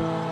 Bye.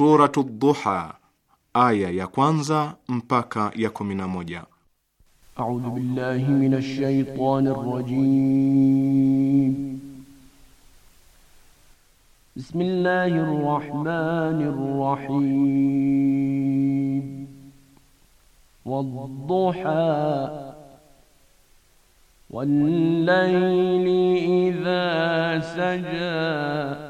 Suratu Duha, aya ya kwanza mpaka ya kumi na moja. A'udhu billahi minash shaitanir rajim. Bismillahir rahmanir rahim. Wad-duha wal-layli idha saja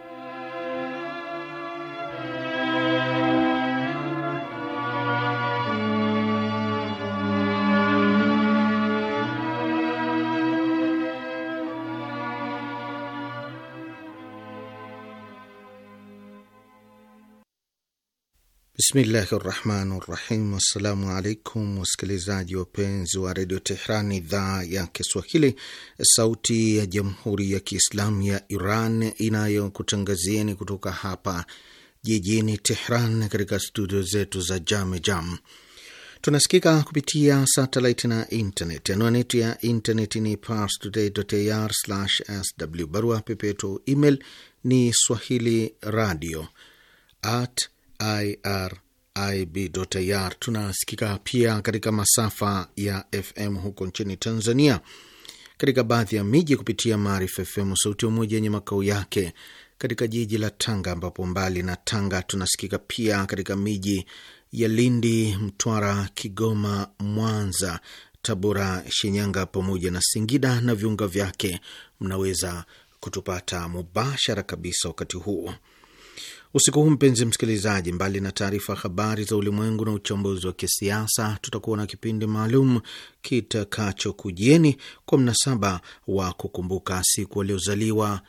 Bismillahi rahmani rahim. Assalamu alaikum wasikilizaji wapenzi wa redio Tehran, idhaa ya Kiswahili, sauti ya jamhuri ya kiislamu ya Iran inayokutangazieni kutoka hapa jijini Tehran, katika studio zetu za Jame Jam. Tunasikika kupitia satelit na internet. Anwani yetu ya internet ni parstoday.ir/sw, barua pepeto email ni swahili radio at irib.ir. Tunasikika pia katika masafa ya FM huko nchini Tanzania, katika baadhi ya miji kupitia Maarifa FM Sauti ya Umoja yenye makao yake katika jiji la Tanga, ambapo mbali na Tanga tunasikika pia katika miji ya Lindi, Mtwara, Kigoma, Mwanza, Tabora, Shinyanga pamoja na Singida na viunga vyake. Mnaweza kutupata mubashara kabisa wakati huu Usiku huu mpenzi msikilizaji, mbali na taarifa habari za ulimwengu na uchambuzi wa kisiasa, tutakuwa na kipindi maalum kitakachokujieni kwa mnasaba wa kukumbuka siku aliozaliwa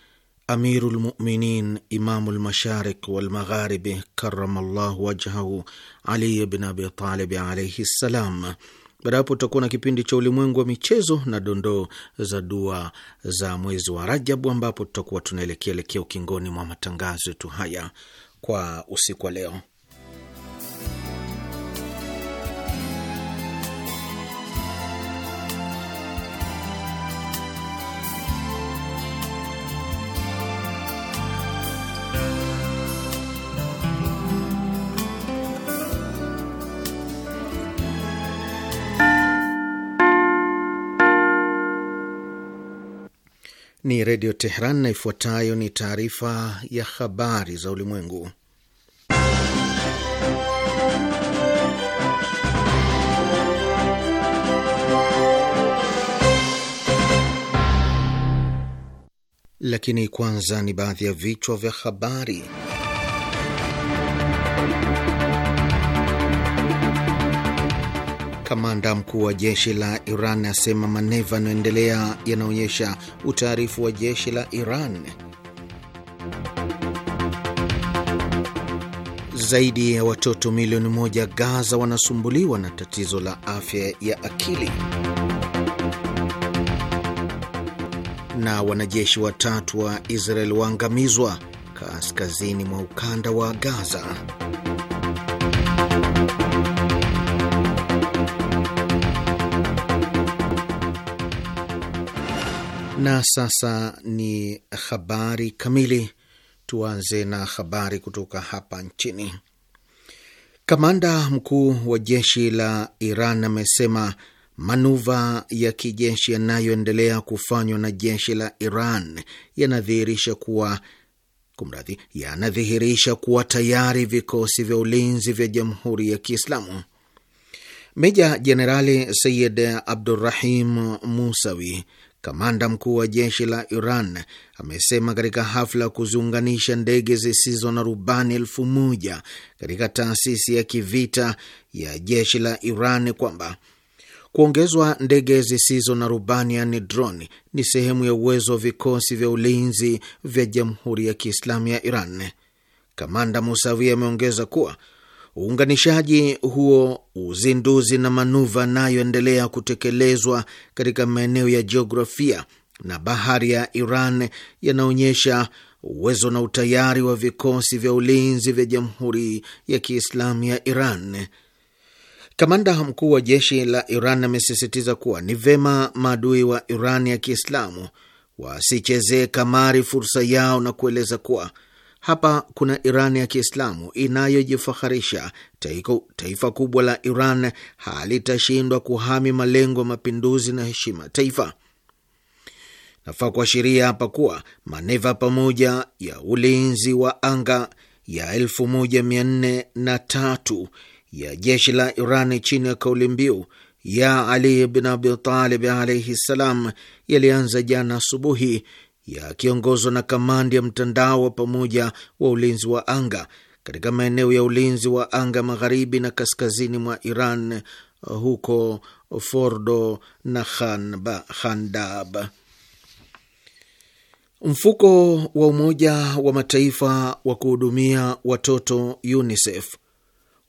amirulmuminin Muminin Imamul Masharik wal Magharibi karamallahu wajhahu Ali bin abitalibi alaihi ssalam. Baada hapo tutakuwa na kipindi cha ulimwengu wa michezo na dondoo za dua za mwezi wa Rajabu, ambapo tutakuwa tunaelekea elekea ukingoni mwa matangazo yetu haya kwa usiku wa leo. ni Redio Tehran na ifuatayo ni taarifa ya habari za ulimwengu. Lakini kwanza ni baadhi ya vichwa vya habari. Kamanda mkuu wa jeshi la Iran asema maneva yanayoendelea yanaonyesha utaarifu wa jeshi la Iran. Zaidi ya watoto milioni moja Gaza wanasumbuliwa na tatizo la afya ya akili. Na wanajeshi watatu wa Israel waangamizwa kaskazini mwa ukanda wa Gaza. Na sasa ni habari kamili. Tuanze na habari kutoka hapa nchini. Kamanda mkuu wa jeshi la Iran amesema manuva ya kijeshi yanayoendelea kufanywa na jeshi la Iran yanadhihirisha kuwa kumradhi, yanadhihirisha kuwa tayari vikosi vya ulinzi vya Jamhuri ya Kiislamu. Meja Jenerali Sayid Abdurrahim Musawi, kamanda mkuu wa jeshi la Iran amesema katika hafla ya kuziunganisha ndege zisizo na rubani elfu moja katika taasisi ya kivita ya jeshi la Iran kwamba kuongezwa ndege zisizo na rubani yani droni ni sehemu ya uwezo wa vikosi vya ulinzi vya Jamhuri ya Kiislamu ya Iran. Kamanda Musawi ameongeza kuwa Uunganishaji huo, uzinduzi na manuva nayoendelea kutekelezwa katika maeneo ya jiografia na bahari ya Iran yanaonyesha uwezo na utayari wa vikosi vya ulinzi vya Jamhuri ya Kiislamu ya Iran. Kamanda mkuu wa jeshi la Iran amesisitiza kuwa ni vema maadui wa Iran ya Kiislamu wasichezee kamari fursa yao na kueleza kuwa hapa kuna Iran ya Kiislamu inayojifaharisha. Taifa kubwa la Iran halitashindwa kuhami malengo ya mapinduzi na heshima taifa. Nafaa kuashiria hapa kuwa maneva pamoja ya ulinzi wa anga ya 143 ya jeshi la Iran chini ya kauli mbiu ya Ali bin Abi Talib alaihi ssalam yalianza jana asubuhi yakiongozwa na kamandi ya mtandao wa pamoja wa ulinzi wa anga katika maeneo ya ulinzi wa anga magharibi na kaskazini mwa Iran uh, huko Fordo na Khandab. Mfuko wa Umoja wa Mataifa wa kuhudumia watoto UNICEF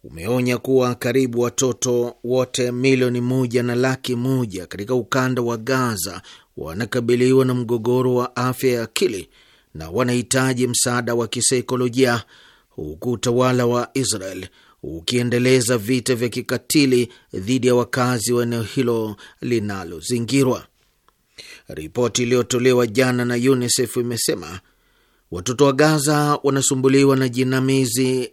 umeonya kuwa karibu watoto wote milioni moja na laki moja katika ukanda wa Gaza wanakabiliwa na mgogoro wa afya ya akili na wanahitaji msaada wa kisaikolojia, huku utawala wa Israel ukiendeleza vita vya kikatili dhidi ya wakazi wa eneo hilo linalozingirwa. Ripoti iliyotolewa jana na UNICEF imesema watoto wa Gaza wanasumbuliwa na jinamizi,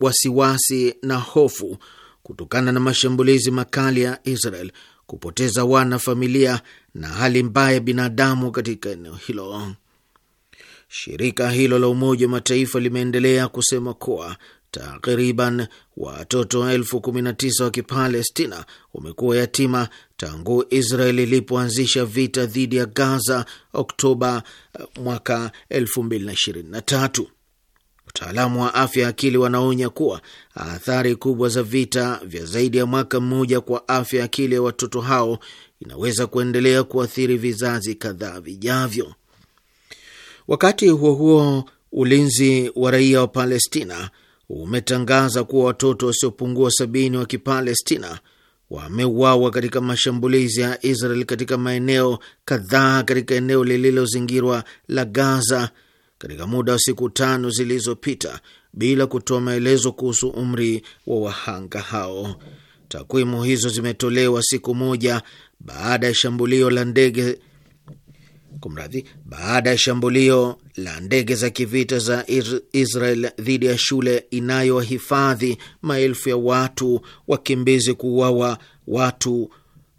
wasiwasi na hofu kutokana na mashambulizi makali ya Israel kupoteza wana familia na hali mbaya ya binadamu katika eneo hilo. Shirika hilo la Umoja wa Mataifa limeendelea kusema kuwa takriban watoto elfu kumi na tisa wa Kipalestina wamekuwa yatima tangu Israeli ilipoanzisha vita dhidi ya Gaza Oktoba eh, mwaka elfu mbili na ishirini na tatu. Wataalamu wa afya ya akili wanaonya kuwa athari kubwa za vita vya zaidi ya mwaka mmoja kwa afya ya akili ya watoto hao inaweza kuendelea kuathiri vizazi kadhaa vijavyo. Wakati huo huo, ulinzi wa raia wa Palestina umetangaza kuwa watoto wasiopungua sabini wa Kipalestina wameuawa katika mashambulizi ya Israel katika maeneo kadhaa katika eneo lililozingirwa la Gaza katika muda wa siku tano zilizopita bila kutoa maelezo kuhusu umri wa wahanga hao. Takwimu hizo zimetolewa siku moja baada ya shambulio la ndege kumradhi, baada ya shambulio la ndege za kivita za Israel dhidi ya shule inayohifadhi maelfu ya watu wakimbizi, kuuawa watu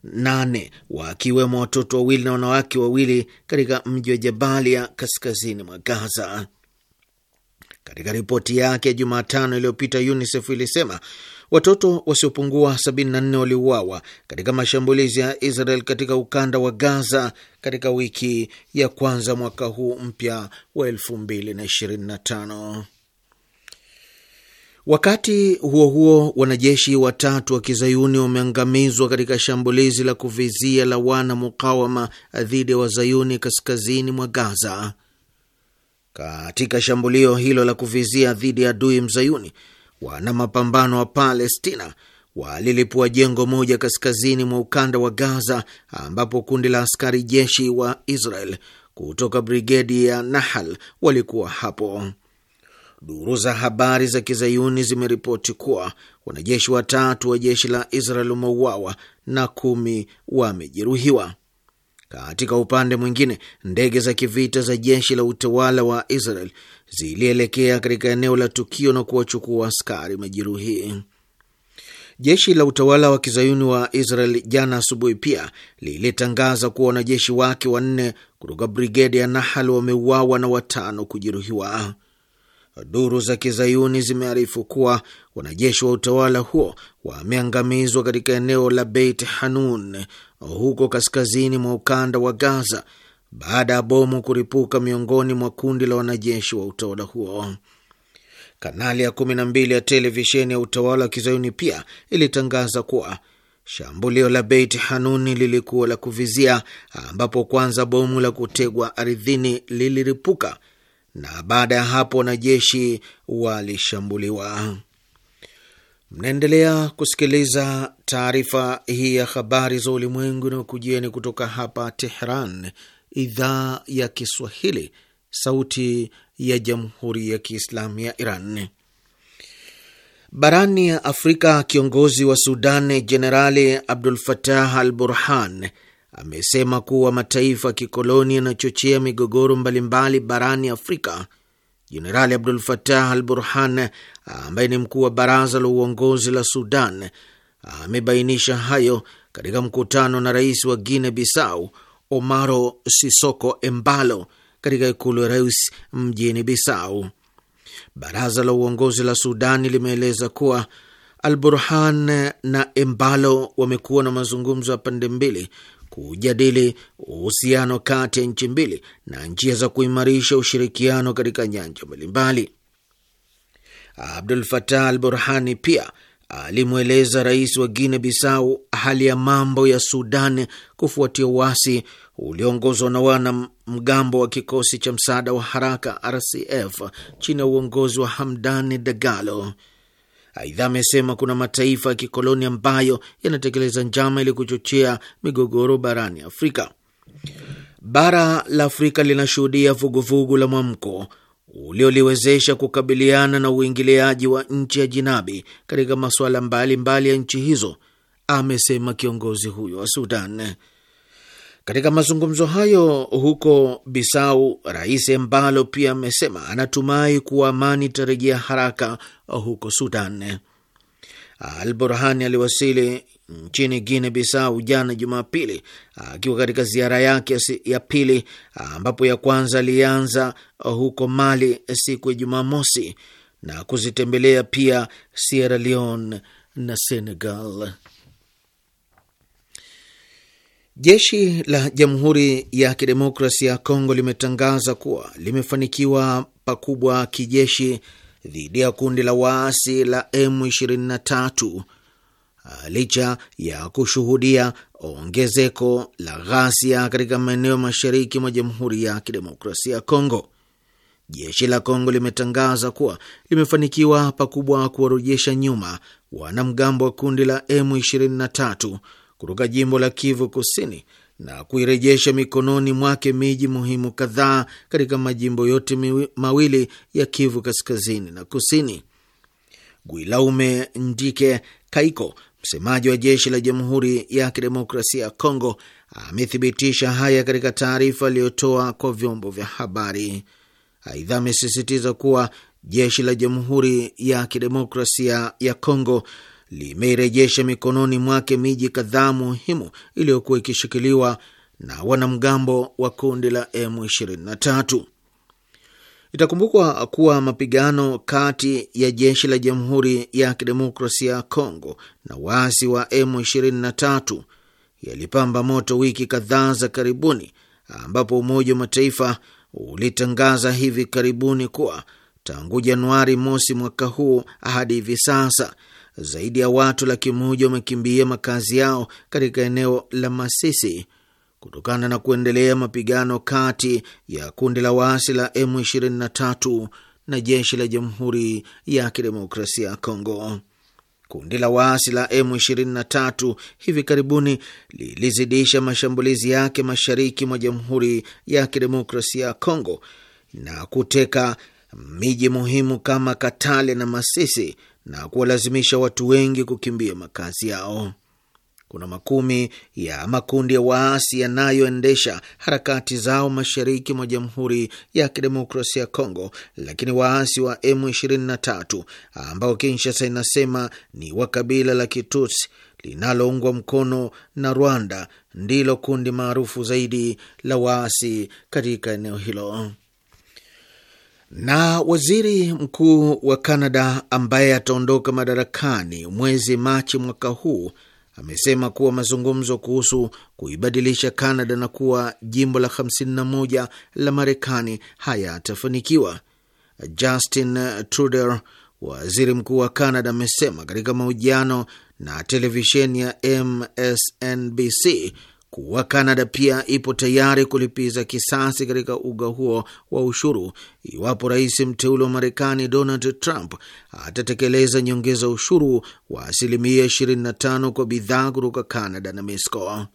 nane wakiwemo watoto wawili na wanawake wawili katika mji wa Jabalia kaskazini mwa Gaza. Katika ripoti yake Jumatano iliyopita UNICEF ilisema watoto wasiopungua 74 waliuawa katika mashambulizi ya Israel katika ukanda wa Gaza katika wiki ya kwanza mwaka huu mpya wa 2025. Wakati huo huo, wanajeshi watatu wa kizayuni wameangamizwa katika shambulizi la kuvizia la wana mukawama dhidi ya wazayuni kaskazini mwa Gaza. Katika shambulio hilo la kuvizia dhidi ya adui mzayuni, wana mapambano wa Palestina walilipua jengo moja kaskazini mwa ukanda wa Gaza, ambapo kundi la askari jeshi wa Israel kutoka brigedi ya Nahal walikuwa hapo. Duru za habari za kizayuni zimeripoti kuwa wanajeshi watatu wa jeshi la Israel wameuawa na kumi wamejeruhiwa. Katika upande mwingine, ndege za kivita za jeshi la utawala wa Israel zilielekea katika eneo la tukio na kuwachukua askari majeruhi. Jeshi la utawala wa kizayuni wa Israel jana asubuhi pia lilitangaza kuwa wanajeshi wake wanne kutoka brigedi ya Nahal wameuawa na watano kujeruhiwa. Duru za kizayuni zimearifu kuwa wanajeshi wa utawala huo wameangamizwa katika eneo la Beit Hanun huko kaskazini mwa ukanda wa Gaza baada ya bomu kuripuka miongoni mwa kundi la wanajeshi wa utawala huo. Kanali ya kumi na mbili ya televisheni ya utawala wa kizayuni pia ilitangaza kuwa shambulio la Beit Hanuni lilikuwa la kuvizia, ambapo kwanza bomu la kutegwa ardhini liliripuka na baada ya hapo wanajeshi walishambuliwa. Mnaendelea kusikiliza taarifa hii ya habari za ulimwengu kujieni kutoka hapa Tehran, idhaa ya Kiswahili, sauti ya jamhuri ya kiislamu ya Iran. Barani ya Afrika, kiongozi wa Sudan Jenerali Abdul Fatah al Burhan amesema kuwa mataifa ya kikoloni yanachochea migogoro mbalimbali barani Afrika. Jenerali Abdul fatah al Burhan, ambaye ni mkuu wa baraza la uongozi la Sudan, amebainisha hayo katika mkutano na rais wa guine Bissau Omaro Sisoko Embalo katika ikulu ya rais mjini Bissau. Baraza la uongozi la Sudani limeeleza kuwa Al Burhan na Embalo wamekuwa na mazungumzo ya pande mbili kujadili uhusiano kati ya nchi mbili na njia za kuimarisha ushirikiano katika nyanja mbalimbali. Abdul Fatah al Burhani pia alimweleza rais wa Guinea Bissau hali ya mambo ya Sudan kufuatia uasi ulioongozwa na wana mgambo wa kikosi cha msaada wa haraka RCF chini ya uongozi wa Hamdani Dagalo. Aidha, amesema kuna mataifa ya kikoloni ambayo yanatekeleza njama ili kuchochea migogoro barani Afrika. Bara la Afrika linashuhudia vuguvugu la mwamko ulioliwezesha kukabiliana na uingiliaji wa nchi ya jinabi katika masuala mbalimbali ya nchi hizo, amesema kiongozi huyo wa Sudan. Katika mazungumzo hayo huko Bisau, Rais Embalo pia amesema anatumai kuwa amani itarejea haraka huko Sudan. Al Burhani aliwasili nchini Guinea Bisau jana Jumapili akiwa katika ziara yake ya pili, ambapo ya kwanza alianza huko Mali siku ya Jumamosi na kuzitembelea pia Sierra Leone na Senegal. Jeshi la Jamhuri ya Kidemokrasia ya Kongo limetangaza kuwa limefanikiwa pakubwa kijeshi dhidi ya kundi la waasi la M23 licha ya kushuhudia ongezeko la ghasia katika maeneo mashariki mwa Jamhuri ya Kidemokrasia ya Kongo. Jeshi la Kongo limetangaza kuwa limefanikiwa pakubwa kuwarejesha nyuma wanamgambo wa kundi la M23 kutoka jimbo la Kivu Kusini na kuirejesha mikononi mwake miji muhimu kadhaa katika majimbo yote mawili ya Kivu Kaskazini na Kusini. guilaume Ndike Kaiko, msemaji wa jeshi la Jamhuri ya Kidemokrasia ya Kongo, amethibitisha haya katika taarifa aliyotoa kwa vyombo vya habari. Aidha, amesisitiza kuwa jeshi la Jamhuri ya Kidemokrasia ya Kongo limeirejesha mikononi mwake miji kadhaa muhimu iliyokuwa ikishikiliwa na wanamgambo wa kundi la M23. Itakumbukwa kuwa mapigano kati ya jeshi la Jamhuri ya Kidemokrasia ya Kongo na waasi wa M23 yalipamba moto wiki kadhaa za karibuni, ambapo Umoja wa Mataifa ulitangaza hivi karibuni kuwa tangu Januari mosi mwaka huu hadi hivi sasa zaidi ya watu laki moja wamekimbia makazi yao katika eneo la Masisi kutokana na kuendelea mapigano kati ya kundi la waasi la M23 na jeshi la Jamhuri ya Kidemokrasia ya Kongo. Kundi la waasi la M23 hivi karibuni lilizidisha mashambulizi yake mashariki mwa Jamhuri ya Kidemokrasia ya Kongo na kuteka miji muhimu kama Katale na Masisi na kuwalazimisha watu wengi kukimbia makazi yao. Kuna makumi ya makundi ya waasi yanayoendesha harakati zao mashariki mwa Jamhuri ya Kidemokrasia ya Kongo, lakini waasi wa M23 ambao Kinshasa inasema ni wa kabila la Kitutsi linaloungwa mkono na Rwanda ndilo kundi maarufu zaidi la waasi katika eneo hilo. Na waziri mkuu wa Kanada ambaye ataondoka madarakani mwezi Machi mwaka huu amesema kuwa mazungumzo kuhusu kuibadilisha Kanada na kuwa jimbo la 51 la Marekani hayatafanikiwa. Justin Trudeau, waziri mkuu wa Kanada, amesema katika mahojiano na televisheni ya MSNBC kuwa Kanada pia ipo tayari kulipiza kisasi katika uga huo wa ushuru iwapo rais mteule wa Marekani Donald Trump atatekeleza nyongeza ushuru wa asilimia 25 kwa bidhaa kutoka Kanada na Mexico.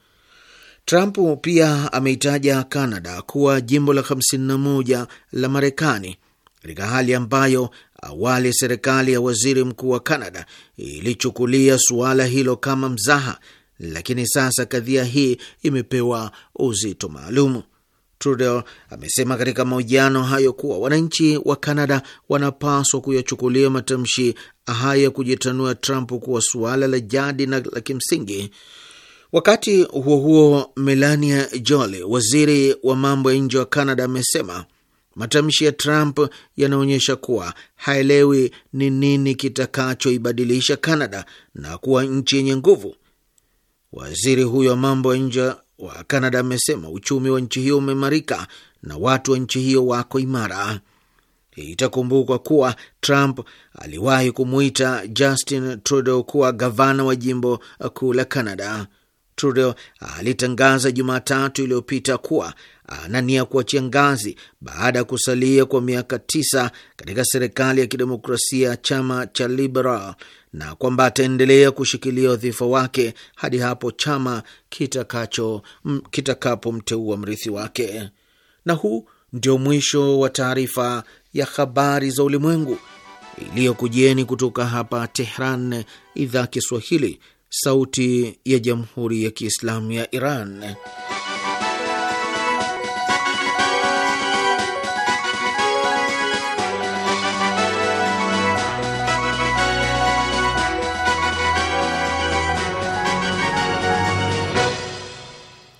Trump pia ameitaja Kanada kuwa jimbo la 51 la Marekani katika hali ambayo awali serikali ya waziri mkuu wa Kanada ilichukulia suala hilo kama mzaha lakini sasa kadhia hii imepewa uzito maalum. Trudeau amesema katika mahojiano hayo kuwa wananchi wa Kanada wanapaswa kuyachukulia matamshi haya kujitanua Trump kuwa suala la jadi na la kimsingi. Wakati huo huo, Melania Joly, waziri wa mambo ya nje wa Kanada, amesema matamshi ya Trump yanaonyesha kuwa haelewi ni nini kitakachoibadilisha Kanada na kuwa nchi yenye nguvu Waziri huyo wa mambo ya nje wa Kanada amesema uchumi wa nchi hiyo umeimarika na watu wa nchi hiyo wako imara. Itakumbukwa kuwa Trump aliwahi kumwita Justin Trudeau kuwa gavana wa jimbo kuu la Canada. Trudeau alitangaza Jumatatu iliyopita kuwa ana kuachia ngazi baada ya kusalia kwa miaka tisa katika serikali ya kidemokrasia chama cha Liberal na kwamba ataendelea kushikilia wadhifa wake hadi hapo chama kitakapomteua kita mrithi wake. Na huu ndio mwisho wa taarifa ya habari za ulimwengu iliyokujieni kutoka hapa Tehran, idhaa Kiswahili, sauti ya jamhuri ya kiislamu ya Iran.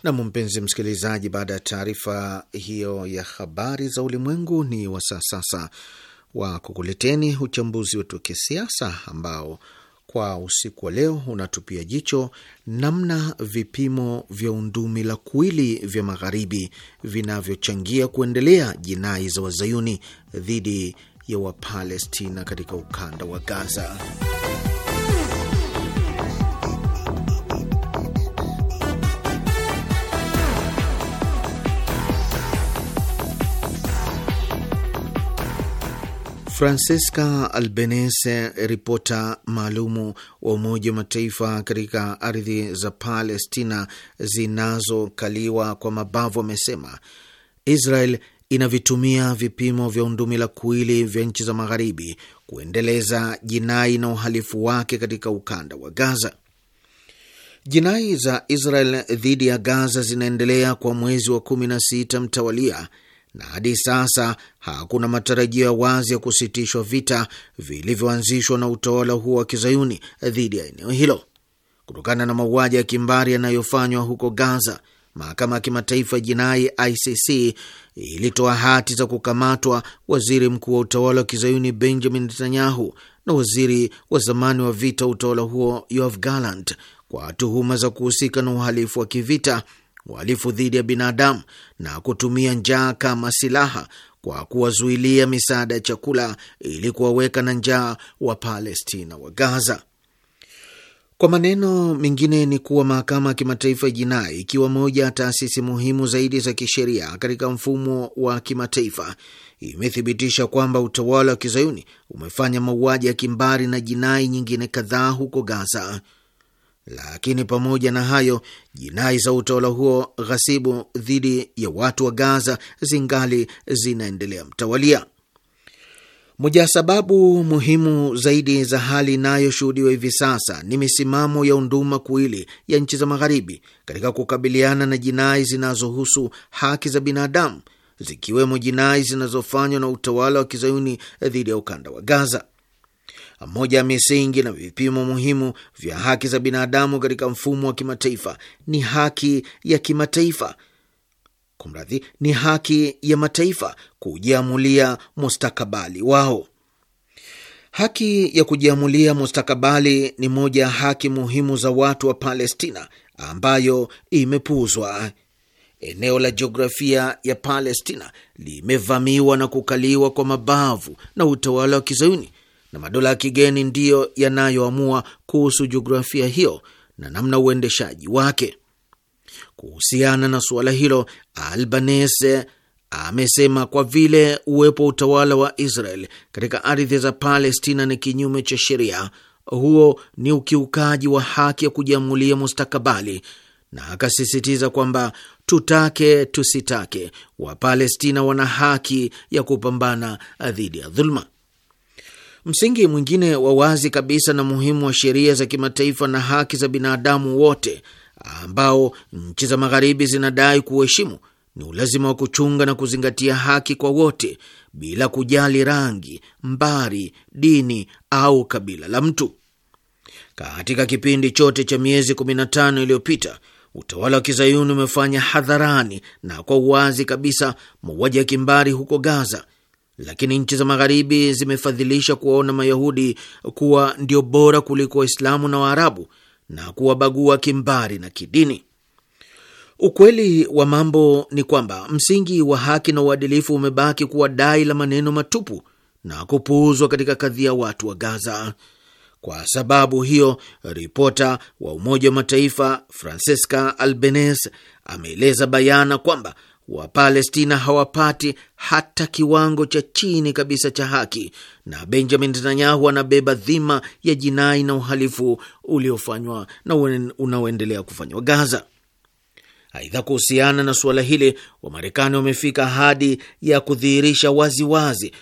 Nam, mpenzi msikilizaji, baada ya taarifa hiyo ya habari za ulimwengu, ni wasaa sasa wa kukuleteni uchambuzi wetu wa kisiasa ambao kwa usiku wa leo unatupia jicho namna vipimo vya undumi la kuili vya magharibi vinavyochangia kuendelea jinai za wazayuni dhidi ya Wapalestina katika ukanda wa Gaza. Francesca Albanese, ripota maalumu wa Umoja wa Mataifa katika ardhi za Palestina zinazokaliwa kwa mabavu, amesema Israel inavitumia vipimo vya undumila kuili vya nchi za Magharibi kuendeleza jinai na uhalifu wake katika ukanda wa Gaza. Jinai za Israel dhidi ya Gaza zinaendelea kwa mwezi wa kumi na sita mtawalia na hadi sasa hakuna matarajio ya wazi ya kusitishwa vita vilivyoanzishwa na utawala huo wa kizayuni dhidi ya eneo hilo. Kutokana na mauaji ya kimbari yanayofanywa huko Gaza, mahakama ya kimataifa ya jinai ICC ilitoa hati za kukamatwa waziri mkuu wa utawala wa kizayuni Benjamin Netanyahu na waziri wa zamani wa vita utawala huo Yoav Gallant kwa tuhuma za kuhusika na uhalifu wa kivita uhalifu dhidi ya binadamu na kutumia njaa kama silaha kwa kuwazuilia misaada ya chakula ili kuwaweka na njaa wa Palestina wa Gaza. Kwa maneno mengine ni kuwa mahakama ya kimataifa ya jinai, ikiwa moja ya taasisi muhimu zaidi za kisheria katika mfumo wa kimataifa, imethibitisha kwamba utawala wa kizayuni umefanya mauaji ya kimbari na jinai nyingine kadhaa huko Gaza. Lakini pamoja na hayo, jinai za utawala huo ghasibu dhidi ya watu wa Gaza zingali zinaendelea mtawalia. Moja ya sababu muhimu zaidi za hali inayoshuhudiwa hivi sasa ni misimamo ya unduma kuili ya nchi za Magharibi katika kukabiliana na jinai zinazohusu haki za binadamu, zikiwemo jinai zinazofanywa na utawala wa kizayuni dhidi ya ukanda wa Gaza. Moja ya misingi na vipimo muhimu vya haki za binadamu katika mfumo wa kimataifa ni haki ya kimataifa Kumradhi, ni haki ya mataifa kujiamulia mustakabali wao. Haki ya kujiamulia mustakabali ni moja ya haki muhimu za watu wa Palestina ambayo imepuuzwa. Eneo la jiografia ya Palestina limevamiwa na kukaliwa kwa mabavu na utawala wa Kizayuni na madola ya kigeni ndiyo yanayoamua kuhusu jiografia hiyo na namna uendeshaji wake. Kuhusiana na suala hilo, Albanese amesema kwa vile uwepo wa utawala wa Israel katika ardhi za Palestina ni kinyume cha sheria, huo ni ukiukaji wa haki ya kujiamulia mustakabali, na akasisitiza kwamba tutake tusitake, Wapalestina wana haki ya kupambana dhidi ya dhuluma. Msingi mwingine wa wazi kabisa na muhimu wa sheria za kimataifa na haki za binadamu wote ambao nchi za magharibi zinadai kuheshimu ni ulazima wa kuchunga na kuzingatia haki kwa wote bila kujali rangi, mbari, dini au kabila la mtu. Katika kipindi chote cha miezi 15 iliyopita, utawala wa kizayuni umefanya hadharani na kwa uwazi kabisa mauaji ya kimbari huko Gaza lakini nchi za magharibi zimefadhilisha kuwaona Mayahudi kuwa ndio bora kuliko Waislamu na Waarabu na kuwabagua kimbari na kidini. Ukweli wa mambo ni kwamba msingi wa haki na uadilifu umebaki kuwa dai la maneno matupu na kupuuzwa katika kadhia watu wa Gaza. Kwa sababu hiyo, ripota wa Umoja wa Mataifa Francesca Albanese ameeleza bayana kwamba Wapalestina hawapati hata kiwango cha chini kabisa cha haki, na Benjamin Netanyahu anabeba dhima ya jinai na uhalifu uliofanywa na unaoendelea kufanywa Gaza. Aidha, kuhusiana na suala hili, Wamarekani wamefika ahadi ya kudhihirisha waziwazi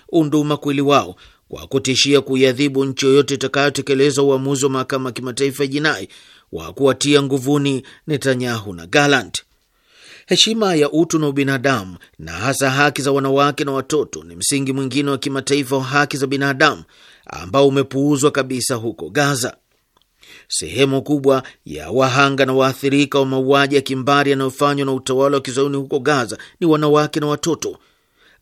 kwili wao kwa kutishia kuiadhibu nchi yoyote itakayotekeleza uamuzi wa mahakama ya kimataifa ya jinai wa kuwatia nguvuni Netanyahu na Galant. Heshima ya utu na ubinadamu na hasa haki za wanawake na watoto ni msingi mwingine wa kimataifa wa haki za binadamu ambao umepuuzwa kabisa huko Gaza. Sehemu kubwa ya wahanga na waathirika wa mauaji ya kimbari yanayofanywa na utawala wa kizayuni huko Gaza ni wanawake na watoto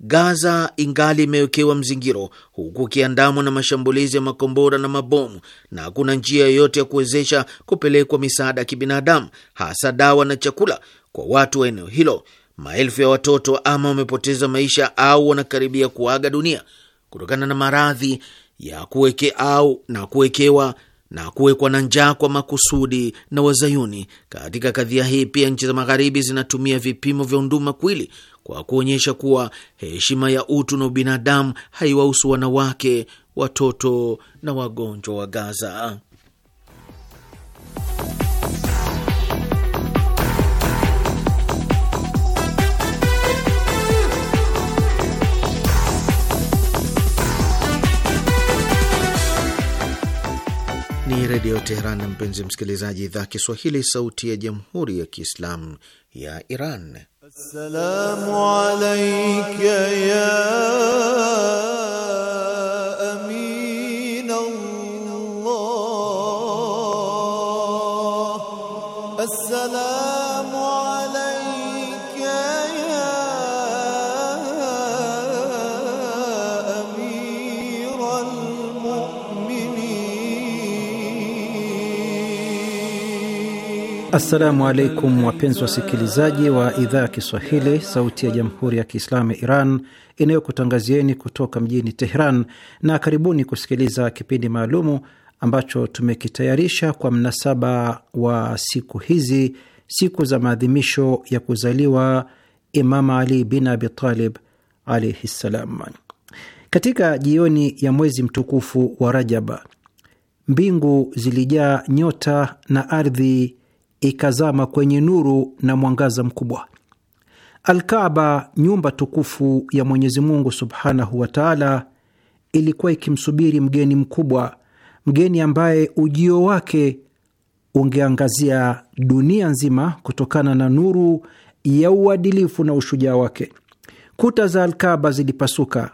Gaza ingali imewekewa mzingiro, huku ukiandamwa na mashambulizi ya makombora na mabomu, na hakuna njia yoyote ya kuwezesha kupelekwa misaada ya kibinadamu, hasa dawa na chakula kwa watu wa eneo hilo. Maelfu ya watoto ama wamepoteza maisha au wanakaribia kuaga dunia kutokana na maradhi ya kuweke au na kuwekewa na kuwekwa na njaa kwa makusudi na Wazayuni. Katika kadhia hii pia nchi za Magharibi zinatumia vipimo vya unduma kwili kwa kuonyesha kuwa heshima ya utu na ubinadamu haiwahusu wanawake, watoto na wagonjwa wa Gaza. Ni Redio Teheran, mpenzi msikilizaji, idhaa Kiswahili, sauti ya jamhuri ya kiislamu ya Iran. Assalamu alayka ya Assalamu alaikum wapenzi wasikilizaji wa idhaa ya Kiswahili, sauti ya jamhuri ya kiislamu ya Iran inayokutangazieni kutoka mjini Teheran, na karibuni kusikiliza kipindi maalumu ambacho tumekitayarisha kwa mnasaba wa siku hizi, siku za maadhimisho ya kuzaliwa Imam Ali bin Abitalib alaihi ssalam. Katika jioni ya mwezi mtukufu wa Rajaba, mbingu zilijaa nyota na ardhi ikazama kwenye nuru na mwangaza mkubwa. Alkaba, nyumba tukufu ya Mwenyezi Mungu subhanahu wa taala, ilikuwa ikimsubiri mgeni mkubwa, mgeni ambaye ujio wake ungeangazia dunia nzima kutokana na nuru ya uadilifu na ushujaa wake. Kuta za Alkaba zilipasuka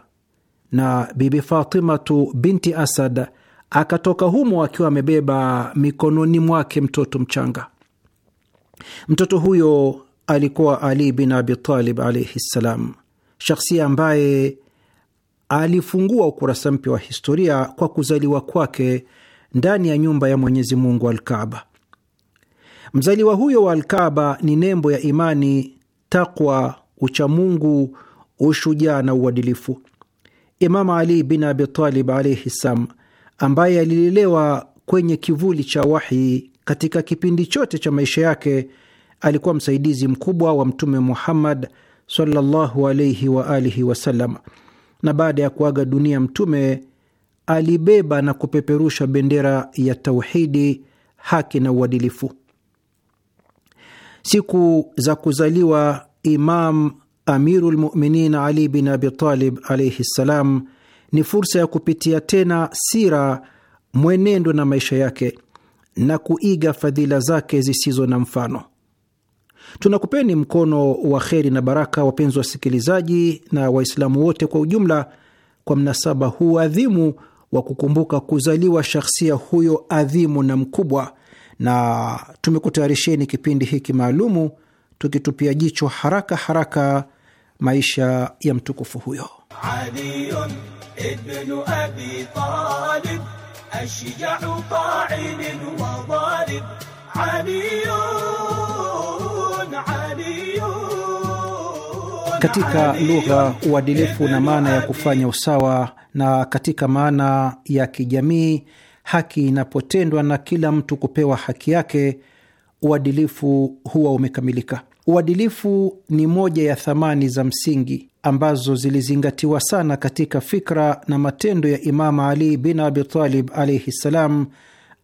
na Bibi Fatimatu binti Asad akatoka humo akiwa amebeba mikononi mwake mtoto mchanga. Mtoto huyo alikuwa Ali bin abitalib alaihi ssalam, shakhsia ambaye alifungua ukurasa mpya wa historia kwa kuzaliwa kwake ndani ya nyumba ya Mwenyezi Mungu alkaba Mzaliwa huyo wa alkaba ni nembo ya imani, takwa, uchamungu, ushujaa na uadilifu. Imamu Ali bin abitalib alaihi ssalam, ambaye alilelewa kwenye kivuli cha wahi katika kipindi chote cha maisha yake alikuwa msaidizi mkubwa wa Mtume Muhammad sallallahu alaihi wa alihi wasallam, na baada ya kuaga dunia Mtume alibeba na kupeperusha bendera ya tauhidi, haki na uadilifu. Siku za kuzaliwa Imam Amiru lmuminin Ali bin Abitalib alaihi ssalam ni fursa ya kupitia tena sira, mwenendo na maisha yake na kuiga fadhila zake zisizo na mfano. Tunakupeni mkono wa kheri na baraka, wapenzi wasikilizaji na Waislamu wote kwa ujumla, kwa mnasaba huu adhimu wa kukumbuka kuzaliwa shakhsia huyo adhimu na mkubwa, na tumekutayarisheni kipindi hiki maalumu tukitupia jicho haraka haraka maisha ya mtukufu huyo أشجع طاعن وضارب علي katika lugha uadilifu na maana ya kufanya usawa, na katika maana ya kijamii haki inapotendwa na kila mtu kupewa haki yake, uadilifu huwa umekamilika. Uadilifu ni moja ya thamani za msingi ambazo zilizingatiwa sana katika fikra na matendo ya Imama Ali bin Abitalib alaihi ssalam,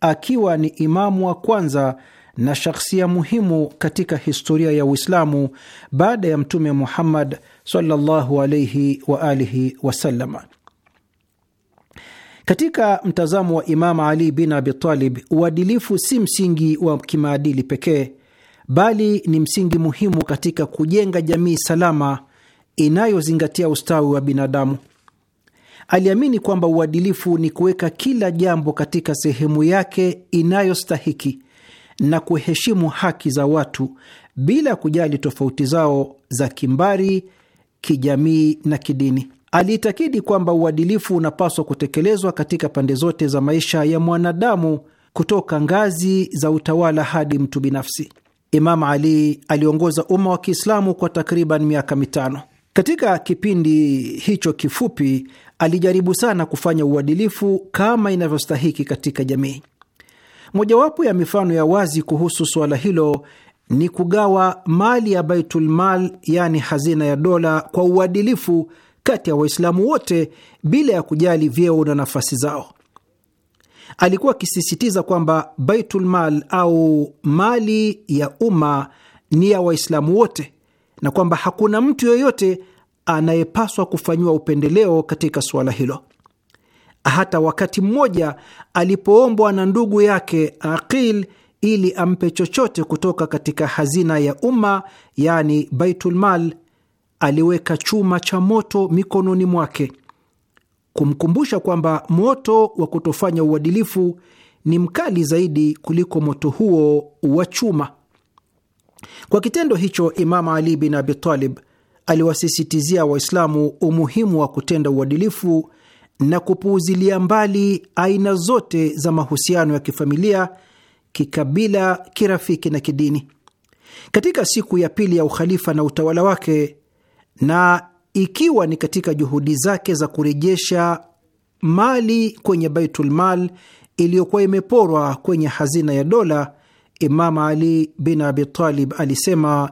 akiwa ni imamu wa kwanza na shakhsia muhimu katika historia ya Uislamu baada ya Mtume Muhammad sallallahu alaihi Katika mtazamo wa Imama Ali bin Abitalib, uadilifu si msingi wa kimaadili pekee bali ni msingi muhimu katika kujenga jamii salama inayozingatia ustawi wa binadamu. Aliamini kwamba uadilifu ni kuweka kila jambo katika sehemu yake inayostahiki na kuheshimu haki za watu bila kujali tofauti zao za kimbari, kijamii na kidini. Aliitakidi kwamba uadilifu unapaswa kutekelezwa katika pande zote za maisha ya mwanadamu, kutoka ngazi za utawala hadi mtu binafsi. Imam Ali aliongoza umma wa Kiislamu kwa takriban miaka mitano. Katika kipindi hicho kifupi, alijaribu sana kufanya uadilifu kama inavyostahiki katika jamii. Mojawapo ya mifano ya wazi kuhusu suala hilo ni kugawa mali ya Baitulmal, yani hazina ya dola, kwa uadilifu kati ya Waislamu wote bila ya kujali vyeo na nafasi zao alikuwa akisisitiza kwamba baitulmal au mali ya umma ni ya Waislamu wote na kwamba hakuna mtu yoyote anayepaswa kufanyiwa upendeleo katika suala hilo. Hata wakati mmoja alipoombwa na ndugu yake Aqil ili ampe chochote kutoka katika hazina ya umma, yani baitulmal, aliweka chuma cha moto mikononi mwake kumkumbusha kwamba moto wa kutofanya uadilifu ni mkali zaidi kuliko moto huo wa chuma. Kwa kitendo hicho, Imamu Ali bin Abi Talib aliwasisitizia Waislamu umuhimu wa kutenda uadilifu na kupuuzilia mbali aina zote za mahusiano ya kifamilia, kikabila, kirafiki na kidini. Katika siku ya pili ya ukhalifa na utawala wake na ikiwa ni katika juhudi zake za kurejesha mali kwenye Baitulmal iliyokuwa imeporwa kwenye hazina ya dola. Imam Ali bin Abi Talib alisema,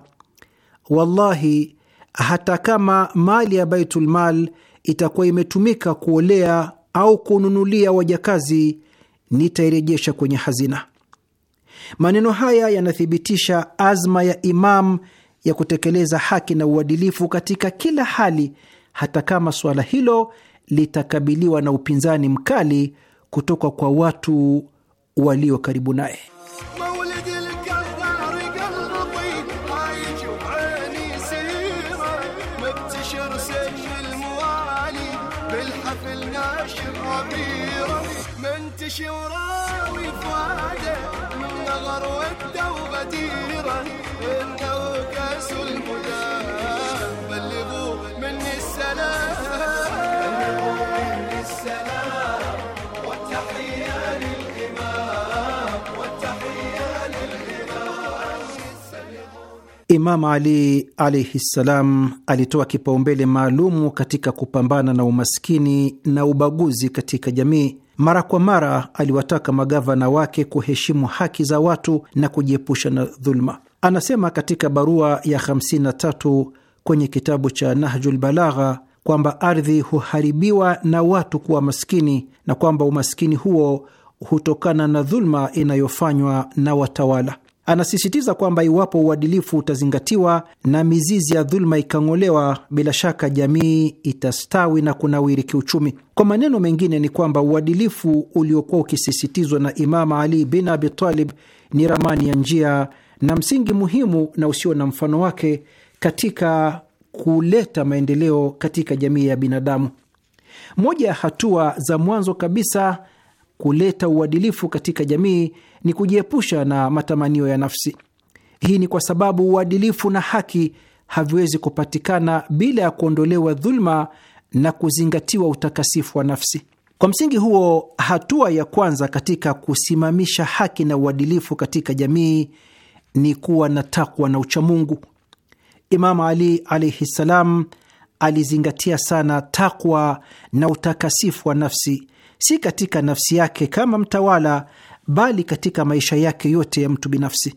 wallahi, hata kama mali ya Baitulmal itakuwa imetumika kuolea au kununulia wajakazi, nitairejesha kwenye hazina. Maneno haya yanathibitisha azma ya Imam ya kutekeleza haki na uadilifu katika kila hali, hata kama suala hilo litakabiliwa na upinzani mkali kutoka kwa watu walio karibu naye. Imam Ali alaihi ssalam alitoa kipaumbele maalumu katika kupambana na umaskini na ubaguzi katika jamii. Mara kwa mara aliwataka magavana wake kuheshimu haki za watu na kujiepusha na dhuluma. Anasema katika barua ya 53 kwenye kitabu cha Nahjul Balagha kwamba ardhi huharibiwa na watu kuwa maskini na kwamba umaskini huo hutokana na dhuluma inayofanywa na watawala. Anasisitiza kwamba iwapo uadilifu utazingatiwa na mizizi ya dhuluma ikang'olewa, bila shaka jamii itastawi na kunawiri kiuchumi. Kwa maneno mengine, ni kwamba uadilifu uliokuwa ukisisitizwa na Imam Ali bin Abi Talib ni ramani ya njia na msingi muhimu na usio na mfano wake katika kuleta maendeleo katika jamii ya binadamu. Moja ya hatua za mwanzo kabisa kuleta uadilifu katika jamii ni kujiepusha na matamanio ya nafsi. Hii ni kwa sababu uadilifu na haki haviwezi kupatikana bila ya kuondolewa dhuluma na kuzingatiwa utakasifu wa nafsi. Kwa msingi huo, hatua ya kwanza katika kusimamisha haki na uadilifu katika jamii ni kuwa na takwa na uchamungu. Imamu Ali alaihi ssalam alizingatia sana takwa na utakasifu wa nafsi, si katika nafsi yake kama mtawala, bali katika maisha yake yote ya mtu binafsi.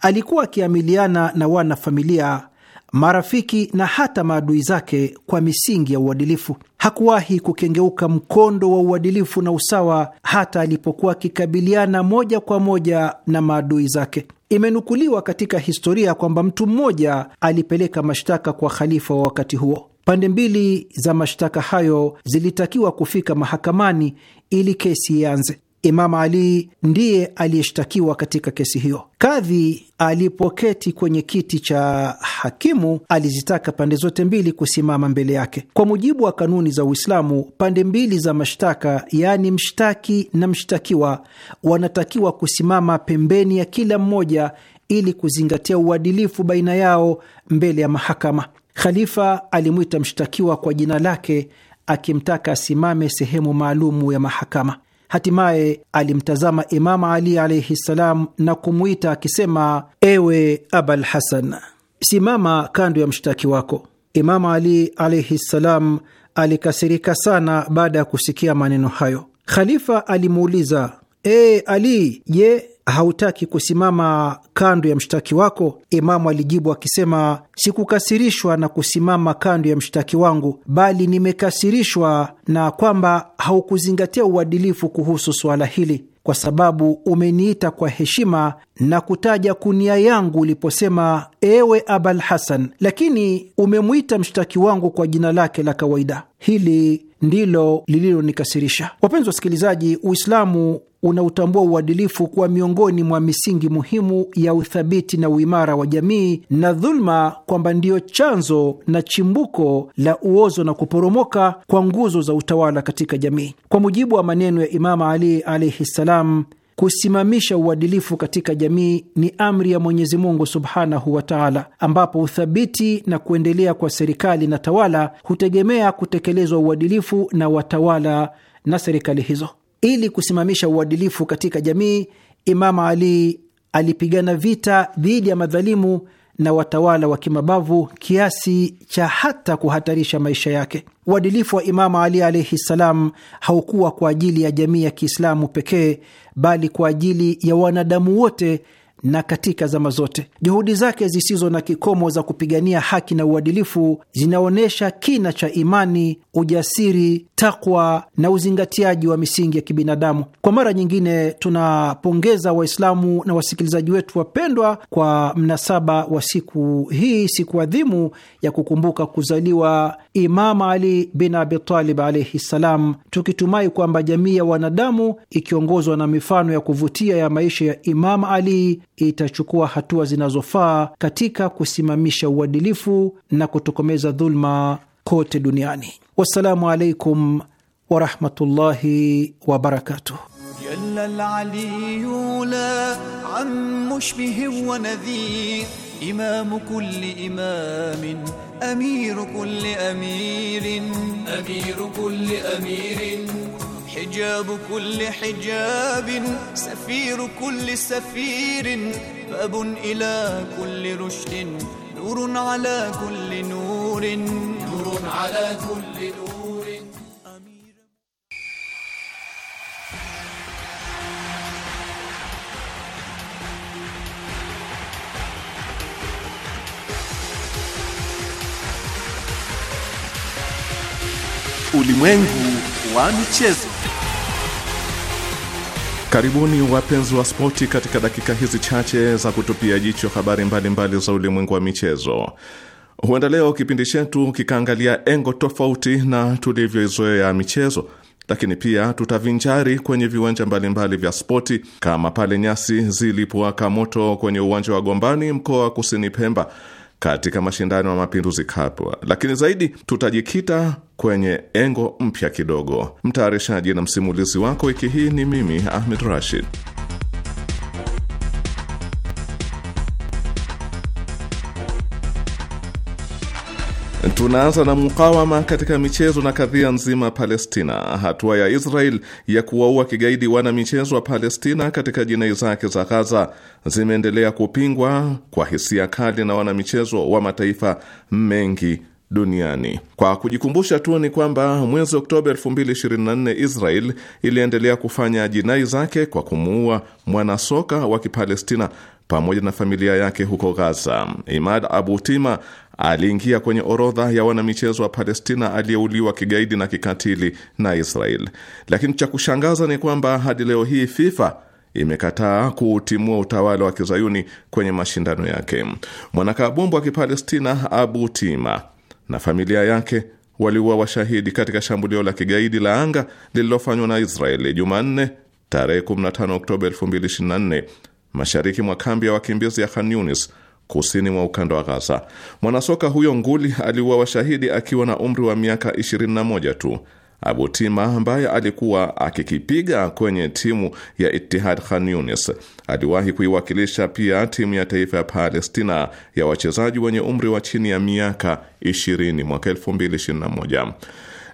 Alikuwa akiamiliana na wanafamilia, marafiki na hata maadui zake kwa misingi ya uadilifu. Hakuwahi kukengeuka mkondo wa uadilifu na usawa, hata alipokuwa akikabiliana moja kwa moja na maadui zake. Imenukuliwa katika historia kwamba mtu mmoja alipeleka mashtaka kwa khalifa wa wakati huo. Pande mbili za mashtaka hayo zilitakiwa kufika mahakamani ili kesi ianze. Imam Ali ndiye aliyeshtakiwa katika kesi hiyo. Kadhi alipoketi kwenye kiti cha hakimu, alizitaka pande zote mbili kusimama mbele yake. Kwa mujibu wa kanuni za Uislamu, pande mbili za mashtaka, yaani mshtaki na mshtakiwa, wanatakiwa kusimama pembeni ya kila mmoja ili kuzingatia uadilifu baina yao mbele ya mahakama. Khalifa alimwita mshtakiwa kwa jina lake, akimtaka asimame sehemu maalumu ya mahakama. Hatimaye alimtazama imamu Ali alaihi ssalam na kumwita akisema, ewe Abal Hasan, simama kando ya mshtaki wako. imamu Ali alaihi ssalam alikasirika sana baada ya kusikia maneno hayo. Khalifa alimuuliza E Ali, je, hautaki kusimama kando ya mshtaki wako? Imamu alijibu akisema, sikukasirishwa na kusimama kando ya mshtaki wangu, bali nimekasirishwa na kwamba haukuzingatia uadilifu kuhusu suala hili, kwa sababu umeniita kwa heshima na kutaja kunia yangu uliposema ewe Abal Hasan, lakini umemwita mshtaki wangu kwa jina lake la kawaida. Hili ndilo lililonikasirisha. Wapenzi wasikilizaji, Uislamu unautambua uadilifu kuwa miongoni mwa misingi muhimu ya uthabiti na uimara wa jamii, na dhuluma kwamba ndiyo chanzo na chimbuko la uozo na kuporomoka kwa nguzo za utawala katika jamii. Kwa mujibu wa maneno ya Imamu Ali alaihi ssalam Kusimamisha uadilifu katika jamii ni amri ya Mwenyezi Mungu subhanahu wa taala, ambapo uthabiti na kuendelea kwa serikali na tawala hutegemea kutekelezwa uadilifu na watawala na serikali hizo. Ili kusimamisha uadilifu katika jamii, imamu Ali alipigana vita dhidi ya madhalimu na watawala wa kimabavu kiasi cha hata kuhatarisha maisha yake. Uadilifu wa Imamu Ali alaihi ssalam haukuwa kwa ajili ya jamii ya Kiislamu pekee, bali kwa ajili ya wanadamu wote na katika zama zote. Juhudi zake zisizo na kikomo za kupigania haki na uadilifu zinaonyesha kina cha imani, ujasiri, takwa na uzingatiaji wa misingi ya kibinadamu. Kwa mara nyingine, tunapongeza Waislamu na wasikilizaji wetu wapendwa kwa mnasaba wa siku hii, siku adhimu ya kukumbuka kuzaliwa Imam Ali bin Abitalib alaihi ssalam, tukitumai kwamba jamii ya wanadamu ikiongozwa na mifano ya kuvutia ya maisha ya Imam Ali itachukua hatua zinazofaa katika kusimamisha uadilifu na kutokomeza dhuluma kote duniani. Wassalamu alaikum warahmatullahi wabarakatuh. amiru kulli amirin, amiru kulli amirin حجاب كل حجاب سفير كل سفير باب إلى كل رشد نور على كل نور نور على كل نور Ulimwengu wa michezo. Karibuni wapenzi wa spoti katika dakika hizi chache za kutupia jicho habari mbalimbali za ulimwengu wa michezo. Huenda leo kipindi chetu kikaangalia engo tofauti na tulivyoizoea michezo, lakini pia tutavinjari kwenye viwanja mbalimbali vya spoti kama pale nyasi zilipowaka moto kwenye uwanja wa Gombani, mkoa wa Kusini Pemba katika mashindano ya Mapinduzi Cup, lakini zaidi tutajikita kwenye engo mpya kidogo. Mtayarishaji na msimulizi wako wiki hii ni mimi Ahmed Rashid. Tunaanza na mukawama katika michezo na kadhia nzima Palestina. Hatua ya Israel ya kuwaua kigaidi wana michezo wa Palestina katika jinai zake za Ghaza zimeendelea kupingwa kwa hisia kali na wanamichezo wa mataifa mengi duniani. Kwa kujikumbusha tu ni kwamba mwezi Oktoba 2024 Israel iliendelea kufanya jinai zake kwa kumuua mwanasoka wa Kipalestina pamoja na familia yake huko Gaza. Imad Abu Tima aliingia kwenye orodha ya wanamichezo wa Palestina aliyeuliwa kigaidi na kikatili na Israel. Lakini cha kushangaza ni kwamba hadi leo hii FIFA imekataa kuutimua utawala wa kizayuni kwenye mashindano yake. Mwanakabumbu wa Kipalestina Abu Tima na familia yake waliuwa washahidi katika shambulio la kigaidi la anga lililofanywa na Israeli Jumanne tarehe 15 Oktoba 2024 mashariki mwa kambi ya wakimbizi ya Khan Yunis kusini mwa ukanda wa Gaza. Mwanasoka huyo nguli aliuawa washahidi akiwa na umri wa miaka 21 tu. Abu Tima ambaye alikuwa akikipiga kwenye timu ya Ittihad Khan Yunis aliwahi kuiwakilisha pia timu ya taifa ya Palestina ya wachezaji wenye umri wa chini ya miaka 20 mwaka 2021,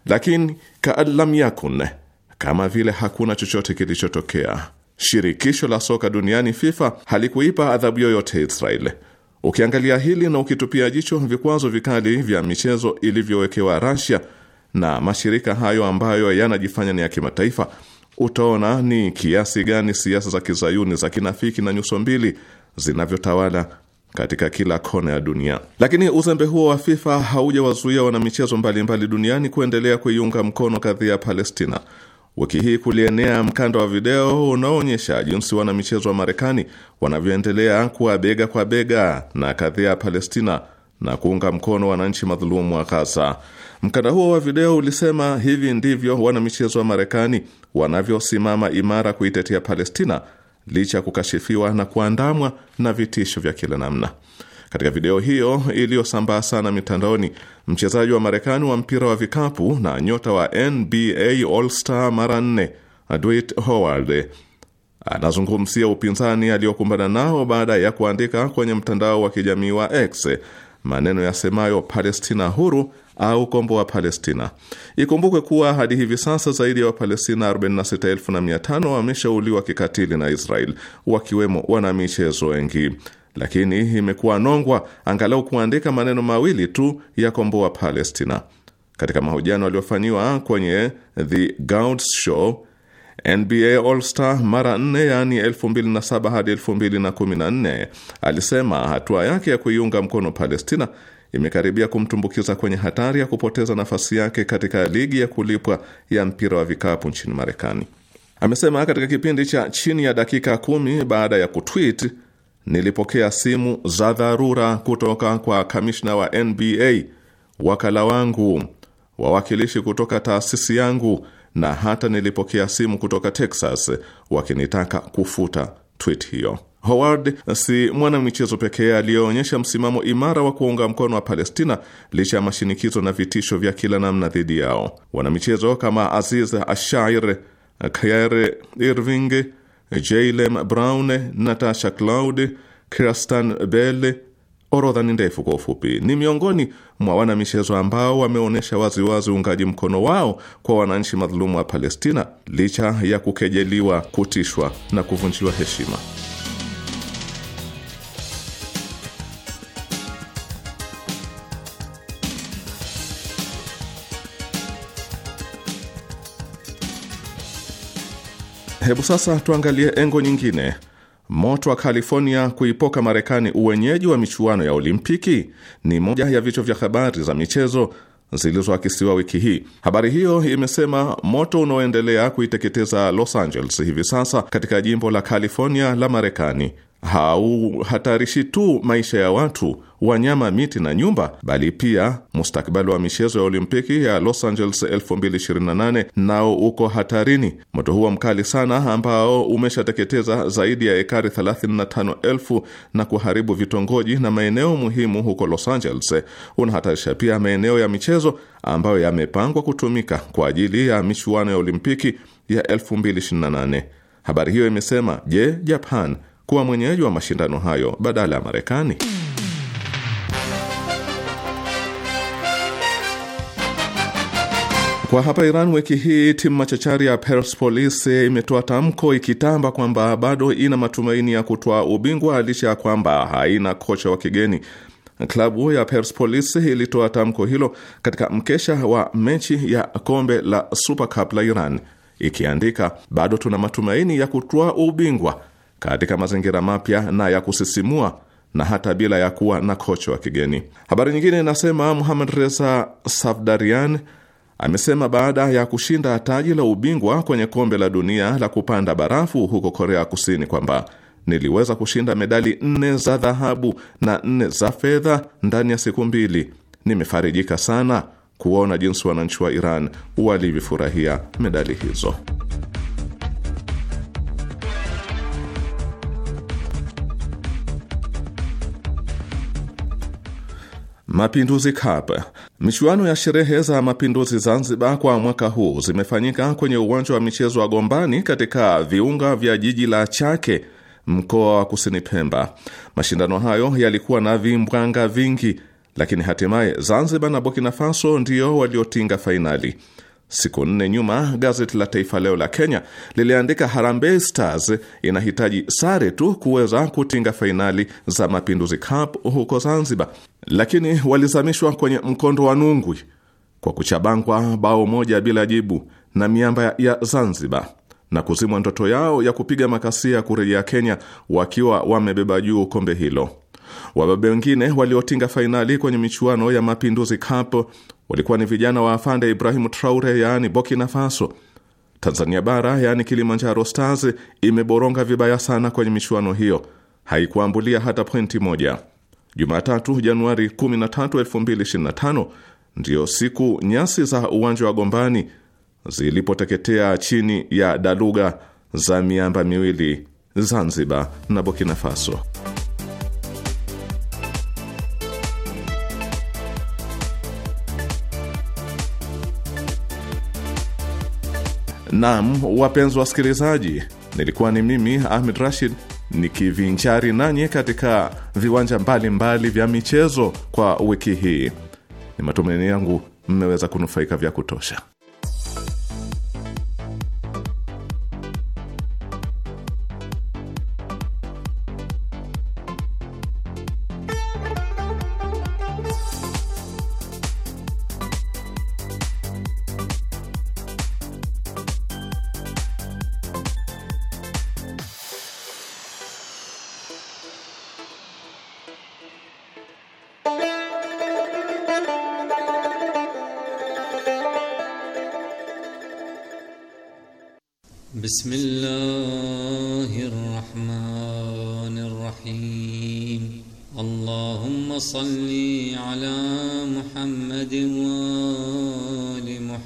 lakini kaan yakun, kama vile hakuna chochote kilichotokea. Shirikisho la soka duniani FIFA halikuipa adhabu yoyote Israeli Ukiangalia hili na ukitupia jicho vikwazo vikali vya michezo ilivyowekewa Russia na mashirika hayo ambayo yanajifanya ni ya kimataifa, utaona ni kiasi gani siasa za kizayuni za kinafiki na nyuso mbili zinavyotawala katika kila kona ya dunia. Lakini uzembe huo wa FIFA haujawazuia wanamichezo mbalimbali duniani kuendelea kuiunga mkono kadhia ya Palestina. Wiki hii kulienea mkanda wa video unaoonyesha jinsi wanamichezo wa Marekani wanavyoendelea kuwa bega kwa bega na kadhia ya Palestina na kuunga mkono wananchi madhulumu wa Gaza. Mkanda huo wa video ulisema hivi ndivyo wanamichezo wa Marekani wanavyosimama imara kuitetea Palestina licha ya kukashifiwa na kuandamwa na vitisho vya kila namna. Katika video hiyo iliyosambaa sana mitandaoni, mchezaji wa Marekani wa mpira wa vikapu na nyota wa NBA All-Star mara nne Dwight Howard anazungumzia upinzani aliyokumbana nao baada ya kuandika kwenye mtandao wa kijamii wa X maneno yasemayo Palestina huru au kombo wa Palestina. Ikumbukwe kuwa hadi hivi sasa zaidi ya Wapalestina 46500 wameshauliwa kikatili na Israel, wakiwemo wanamichezo wengi lakini imekuwa nongwa angalau kuandika maneno mawili tu ya komboa Palestina. Katika mahojiano aliyofanyiwa kwenye The gouds Show, NBA All Star mara nne, yaani 2007 hadi 2014, alisema hatua yake ya kuiunga mkono Palestina imekaribia kumtumbukiza kwenye hatari ya kupoteza nafasi yake katika ligi ya kulipwa ya mpira wa vikapu nchini Marekani. Amesema katika kipindi cha chini ya dakika kumi baada ya kutwit, nilipokea simu za dharura kutoka kwa kamishna wa NBA, wakala wangu, wawakilishi kutoka taasisi yangu, na hata nilipokea simu kutoka Texas wakinitaka kufuta tweet hiyo. Howard si mwanamichezo pekee aliyeonyesha msimamo imara wa kuunga mkono wa Palestina licha ya mashinikizo na vitisho vya kila namna dhidi yao. Wanamichezo kama Aziz Ashair, Kyrie Irving Jalem Brown, Natasha Cloud, Kirsten Bell. Orodha ni ndefu. Kwa ufupi, ni miongoni mwa wanamichezo ambao wameonyesha waziwazi uungaji mkono wao kwa wananchi madhulumu wa Palestina licha ya kukejeliwa, kutishwa na kuvunjiwa heshima. Hebu sasa tuangalie engo nyingine. Moto wa California kuipoka Marekani uwenyeji wa michuano ya Olimpiki ni moja ya vichwa vya habari za michezo zilizoakisiwa wiki hii. Habari hiyo imesema moto unaoendelea kuiteketeza Los Angeles hivi sasa katika jimbo la California la Marekani hauhatarishi tu maisha ya watu, wanyama, miti na nyumba, bali pia mustakbali wa michezo ya Olimpiki ya Los Angeles 2028 nao uko hatarini. Moto huo mkali sana ambao umeshateketeza zaidi ya ekari 35,000 na kuharibu vitongoji na maeneo muhimu huko Los Angeles unahatarisha pia maeneo ya michezo ambayo yamepangwa kutumika kwa ajili ya michuano ya Olimpiki ya 2028. Habari hiyo imesema, je, Japan kuwa mwenyeji wa mashindano hayo badala ya Marekani? Kwa hapa Iran, wiki hii timu machachari ya Persepolis imetoa tamko ikitamba kwamba bado ina matumaini ya kutwaa ubingwa licha ya kwamba haina kocha wa kigeni. Klabu ya Persepolis ilitoa tamko hilo katika mkesha wa mechi ya kombe la Super Cup la Iran ikiandika, bado tuna matumaini ya kutoa ubingwa katika mazingira mapya na ya kusisimua na hata bila ya kuwa na kocha wa kigeni. Habari nyingine inasema Muhammad Reza Safdarian amesema baada ya kushinda taji la ubingwa kwenye kombe la dunia la kupanda barafu huko Korea Kusini kwamba niliweza kushinda medali nne za dhahabu na nne za fedha ndani ya siku mbili. Nimefarijika sana kuona jinsi wananchi wa Iran walivyofurahia medali hizo. Mapinduzi Cup. Michuano ya sherehe za mapinduzi Zanzibar kwa mwaka huu zimefanyika kwenye uwanja wa michezo wa Gombani katika viunga vya jiji la Chake, mkoa wa Kusini Pemba. Mashindano hayo yalikuwa na vimbwanga vingi, lakini hatimaye Zanzibar na Burkina Faso ndio waliotinga fainali. Siku nne nyuma gazeti la Taifa Leo la Kenya liliandika Harambee Stars inahitaji sare tu kuweza kutinga fainali za Mapinduzi Cup huko Zanzibar, lakini walizamishwa kwenye mkondo wa nungwi kwa kuchabangwa bao moja bila jibu na miamba ya Zanzibar na kuzimwa ndoto yao ya kupiga makasia kurejea Kenya wakiwa wamebeba juu kombe hilo. Wababe wengine waliotinga fainali kwenye michuano ya Mapinduzi Cup walikuwa ni vijana wa afande Ibrahimu traure yaani Burkina Faso. Tanzania Bara, yaani Kilimanjaro Stars, imeboronga vibaya sana kwenye michuano hiyo, haikuambulia hata pointi moja. Jumatatu Januari 13, 2025 ndiyo siku nyasi za uwanja wa Gombani zilipoteketea chini ya daluga za miamba miwili Zanzibar na Burkina Faso. Naam, wapenzi wasikilizaji, nilikuwa ni mimi Ahmed Rashid nikivinjari nanye katika viwanja mbalimbali mbali vya michezo kwa wiki hii. Ni matumaini yangu mmeweza kunufaika vya kutosha.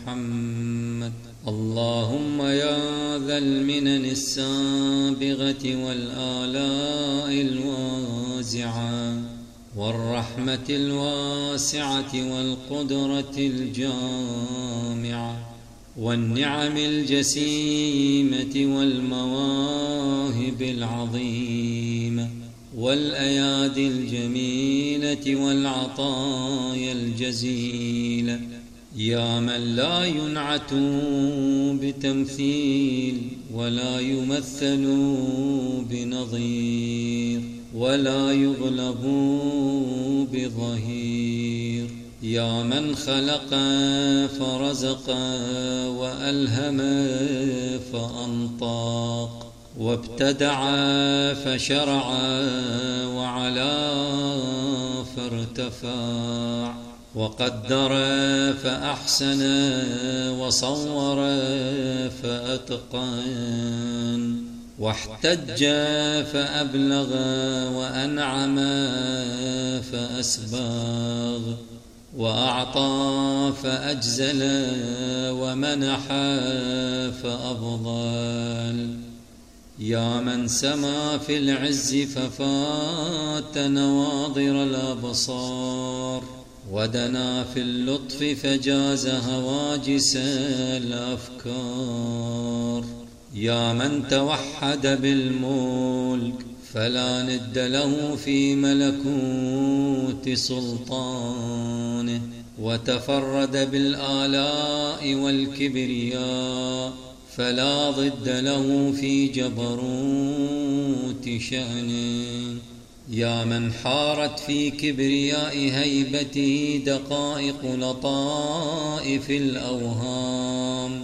محمد اللهم يا ذا المنن السابغة والآلاء الوازعة والرحمة الواسعة والقدرة الجامعة والنعم الجسيمة والمواهب العظيمة والأيادي الجميلة والعطايا الجزيلة يا من لا ينعت بتمثيل ولا يمثل بنظير ولا يغلب بظهير يا من خلق فرزق وألهم فأنطاق وابتدع فشرع وعلا فارتفع وقدر فأحسن وصور فأتقن واحتج فأبلغ وأنعم فأسباغ وأعطى فأجزل ومنح فأفضل يا من سما في العز ففات نواظر الأبصار ودنا في اللطف فجاز هواجس الأفكار يا من توحد بالملك فلا ند له في ملكوت سلطانه وتفرد بالآلاء والكبرياء فلا ضد له في جبروت شأنه يا من حارت في كبرياء هيبته دقائق لطائف الأوهام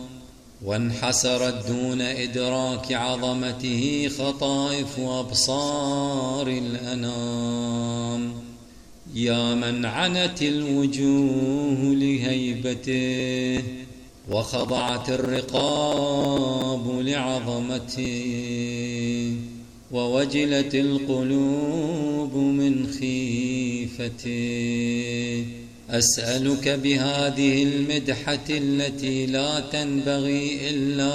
وانحسرت دون إدراك عظمته خطائف أبصار الأنام يا من عنت الوجوه لهيبته وخضعت الرقاب لعظمته ووجلت القلوب من خيفته أسألك بهذه المدحة التي لا تنبغي إلا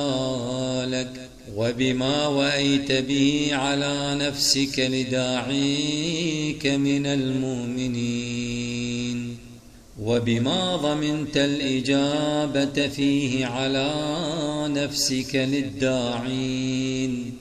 لك وبما وأيت به على نفسك لداعيك من المؤمنين وبما ضمنت الإجابة فيه على نفسك للداعين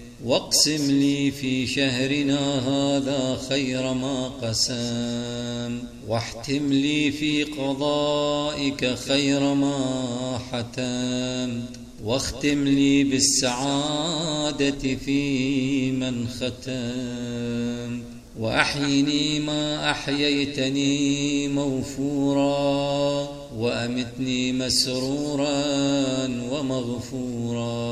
واقسم لي في شهرنا هذا خير ما قسم واحتم لي في قضائك خير ما حتم واختم لي بالسعادة في من ختم وأحيني ما أحييتني موفورا وأمتني مسرورا ومغفورا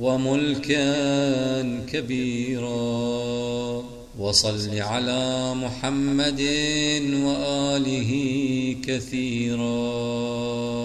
وملكا كبيرا وصل على محمد وآله كثيرا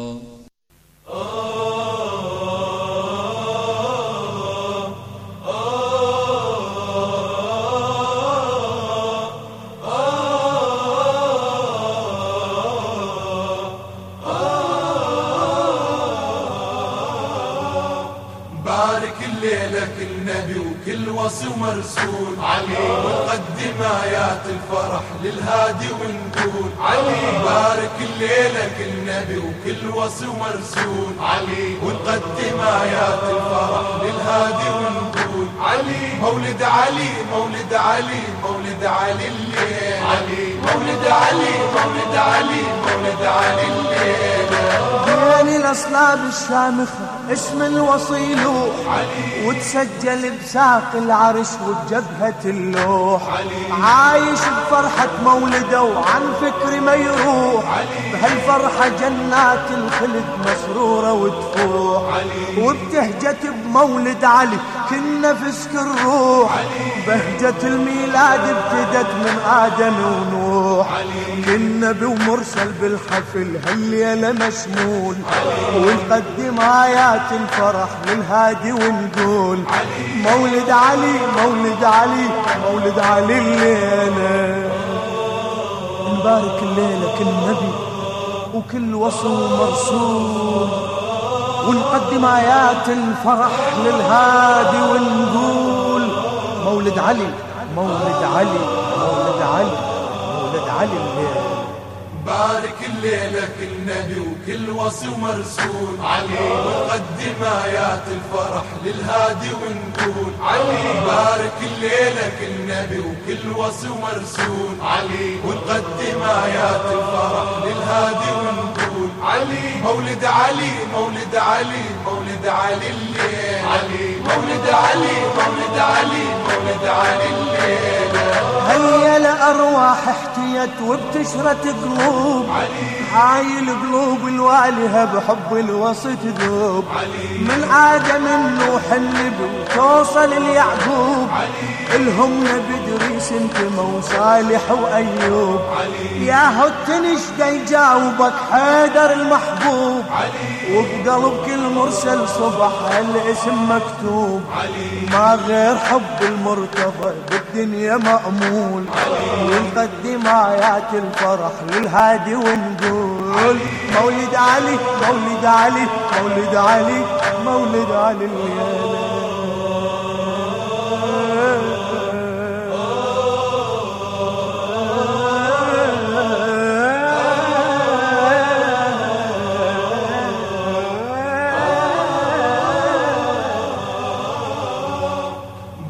ومرسول علي ونقدم آيات الفرح للهادي ونقول علي بارك الليلة كل نبي وكل وصي ومرسول علي ونقدم آيات الفرح للهادي ونقول علي مولد علي مولد علي مولد علي الليل علي مولد علي مولد علي مولد علي الليل ليالي الأصلاب الشامخة اسم الوصيل وتسجل بساق العرش وبجبهة اللوح عايش بفرحة مولده وعن فكر ما يروح بهالفرحة جنات الخلد مسرورة وتفوح وبتهجت بمولد علي كنا في سكر بهجة الميلاد ابتدت من آدم ونوح كنا ومرسل بالحفل هالليلة مشمول ونقدم آيات الفرح للهادي ونقول مولد علي مولد علي مولد علي الليلة نبارك الليلة كل نبي وكل وصل مرسول ونقدم آيات الفرح للهادي ونقول مولد علي مولد علي مولد علي مولد علي الليل بارك الليلة كل نبي وكل وصي ومرسول علي ونقدم آيات الفرح للهادي ونقول علي بارك الليلة كل نبي وكل وصي ومرسول علي ونقدم آيات الفرح للهادي ونقول علي مولد علي مولد علي مولد علي الليل علي مولد علي مولد علي مولد علي الليل هيا لأرواح احتي وبنيت وبتشرة قلوب هاي القلوب الوالها بحب الوصي تذوب من آدم النوح النبي توصل اليعقوب الهم بدري سنتمه وصالح وأيوب يا هتنش يجاوبك حيدر المحبوب وبقلب كل مرسل صبح الاسم مكتوب ما غير حب المرتضى بالدنيا مأمول ويقدمها رايات الفرح للهادي ونقول مولد علي مولد علي مولد علي مولد علي الليالي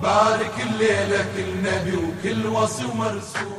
بارك الليله كل نبي وكل وصي ومرسوم